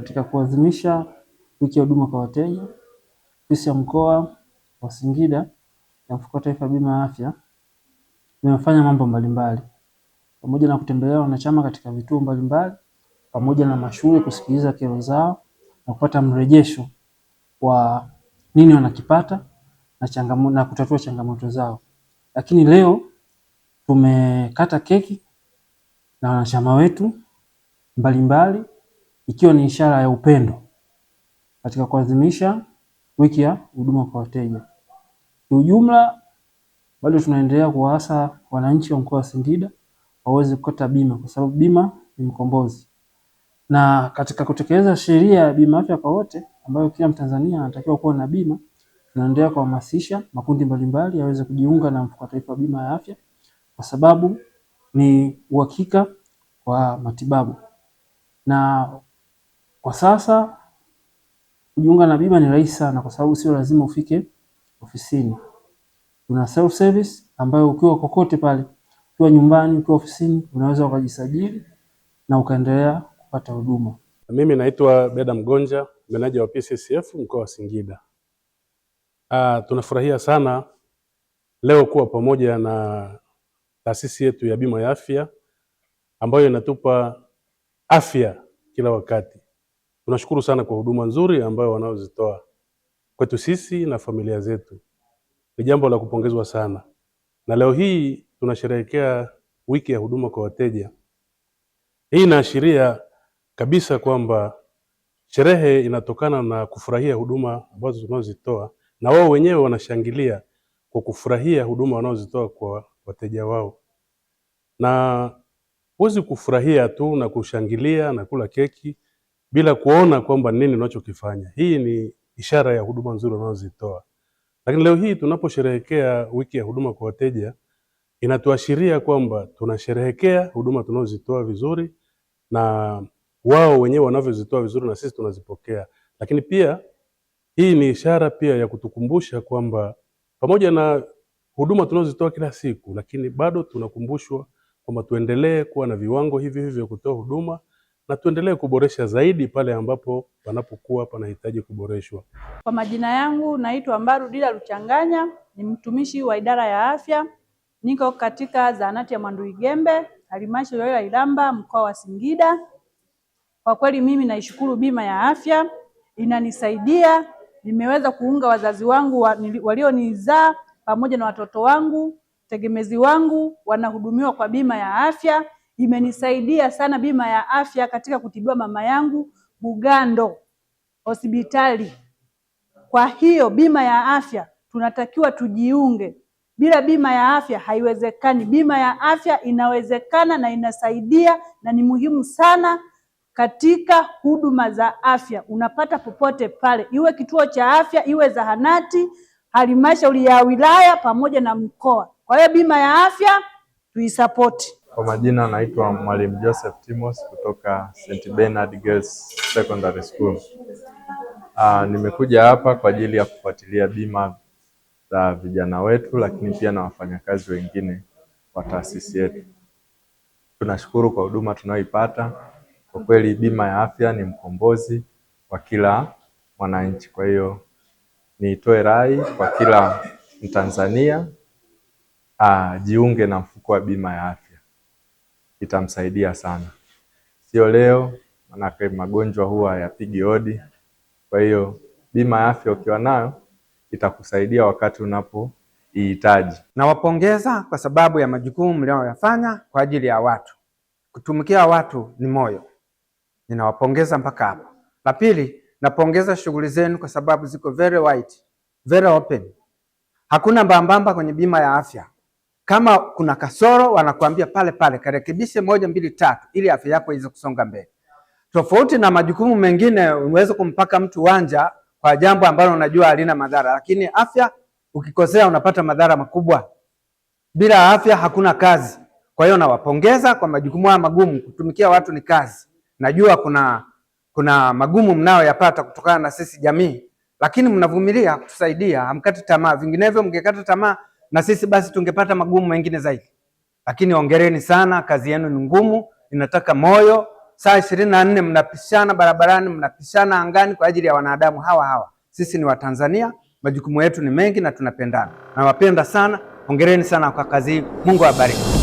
Katika kuadhimisha wiki ya huduma kwa wateja, ofisi ya mkoa wa Singida ya mfuko wa taifa bima ya afya imefanya mambo mbalimbali pamoja na kutembelea wanachama katika vituo mbalimbali pamoja na mashule kusikiliza kero zao na kupata mrejesho wa nini wanakipata na, na kutatua changamoto zao. Lakini leo tumekata keki na wanachama wetu mbalimbali ikiwa ni ishara ya upendo katika kuadhimisha wiki ya huduma kwa wateja. Kiujumla, bado tunaendelea kuwaasa wananchi wa mkoa wa Singida waweze kukata bima kwa sababu bima ni mkombozi, na katika kutekeleza sheria ya bima afya kwa wote ambayo kila Mtanzania anatakiwa kuwa na bima, tunaendelea kuhamasisha makundi mbalimbali yaweze kujiunga na mfuko wa taifa wa bima ya afya kwa sababu ni uhakika wa matibabu na kwa sasa kujiunga na bima ni rahisi sana, kwa sababu sio lazima ufike ofisini. Kuna self service ambayo ukiwa kokote pale, ukiwa nyumbani, ukiwa ofisini, unaweza ukajisajili na ukaendelea kupata huduma. Mimi naitwa Beda Mgonja, meneja wa PCCF mkoa wa Singida. Ah, tunafurahia sana leo kuwa pamoja na taasisi yetu ya bima ya afya ambayo inatupa afya kila wakati. Tunashukuru sana kwa huduma nzuri ambayo wanaozitoa kwetu sisi na familia zetu, ni jambo la kupongezwa sana. Na leo hii tunasherehekea wiki ya huduma kwa wateja. Hii inaashiria kabisa kwamba sherehe inatokana na kufurahia huduma ambazo tunazozitoa, na wao wenyewe wanashangilia kwa kufurahia huduma wanazozitoa kwa wateja wao. Na huwezi kufurahia tu na kushangilia na kula keki bila kuona kwamba nini unachokifanya. Hii ni ishara ya huduma nzuri unazozitoa. Lakini leo hii tunaposherehekea wiki ya huduma kwa wateja, inatuashiria kwamba tunasherehekea huduma tunazozitoa vizuri na wao wenyewe wanavyozitoa vizuri na sisi tunazipokea. Lakini pia hii ni ishara pia ya kutukumbusha kwamba pamoja na huduma tunazozitoa kila siku, lakini bado tunakumbushwa kwamba tuendelee kuwa na viwango hivi hivi vya kutoa huduma na tuendelee kuboresha zaidi pale ambapo panapokuwa panahitaji kuboreshwa. Kwa majina yangu naitwa Mbaru Dila Luchanganya, ni mtumishi wa idara ya afya, niko katika zahanati ya Mwanduigembe, halmashauri ya Ilamba, mkoa wa Singida. Kwa kweli mimi naishukuru bima ya afya, inanisaidia nimeweza kuunga wazazi wangu walionizaa pamoja na watoto wangu tegemezi wangu wanahudumiwa kwa bima ya afya. Imenisaidia sana bima ya afya katika kutibiwa mama yangu Bugando hospitali. Kwa hiyo bima ya afya tunatakiwa tujiunge. Bila bima ya afya haiwezekani. Bima ya afya inawezekana na inasaidia na ni muhimu sana katika huduma za afya, unapata popote pale, iwe kituo cha afya, iwe zahanati, halmashauri ya wilaya pamoja na mkoa. Kwa hiyo bima ya afya tuisapoti. Kwa majina naitwa Mwalimu Joseph Timos kutoka St. Bernard Girls Secondary School. Aa, ah, nimekuja hapa kwa ajili ya kufuatilia bima za vijana wetu lakini pia na wafanyakazi wengine wa taasisi yetu. Tunashukuru kwa huduma tunayoipata. Kwa kweli bima ya afya ni mkombozi kwa kila mwananchi. Kwa hiyo nitoe rai kwa kila Mtanzania ajiunge ah, na mfuko wa bima ya afya itamsaidia sana, sio leo, manake magonjwa huwa hayapigi hodi. Kwa hiyo bima ya afya ukiwa nayo itakusaidia wakati unapoihitaji. Nawapongeza kwa sababu ya majukumu mlioyafanya kwa ajili ya watu. Kutumikia watu ni moyo, ninawapongeza mpaka hapo. La pili, napongeza shughuli zenu kwa sababu ziko very wide, very open, hakuna mbambamba kwenye bima ya afya. Kama kuna kasoro, wanakuambia pale pale, karekebishe moja mbili tatu, ili afya yako iweze kusonga mbele, tofauti na majukumu mengine. Unaweza kumpaka mtu wanja kwa jambo ambalo unajua halina madhara, lakini afya ukikosea, unapata madhara makubwa. Bila afya hakuna kazi. Kwa hiyo nawapongeza kwa majukumu haya magumu. Kutumikia watu ni kazi, najua kuna kuna magumu mnayoyapata kutokana na sisi jamii, lakini mnavumilia kutusaidia, hamkati tamaa. Vinginevyo mngekata tamaa na sisi basi tungepata magumu mengine zaidi. Lakini ongereni sana, kazi yenu ni ngumu, inataka moyo. Saa ishirini na nne mnapishana barabarani, mnapishana angani kwa ajili ya wanadamu hawa hawa. Sisi ni Watanzania, majukumu yetu ni mengi na tunapendana. Nawapenda sana, ongereni sana kwa kazi hii. Mungu awabariki.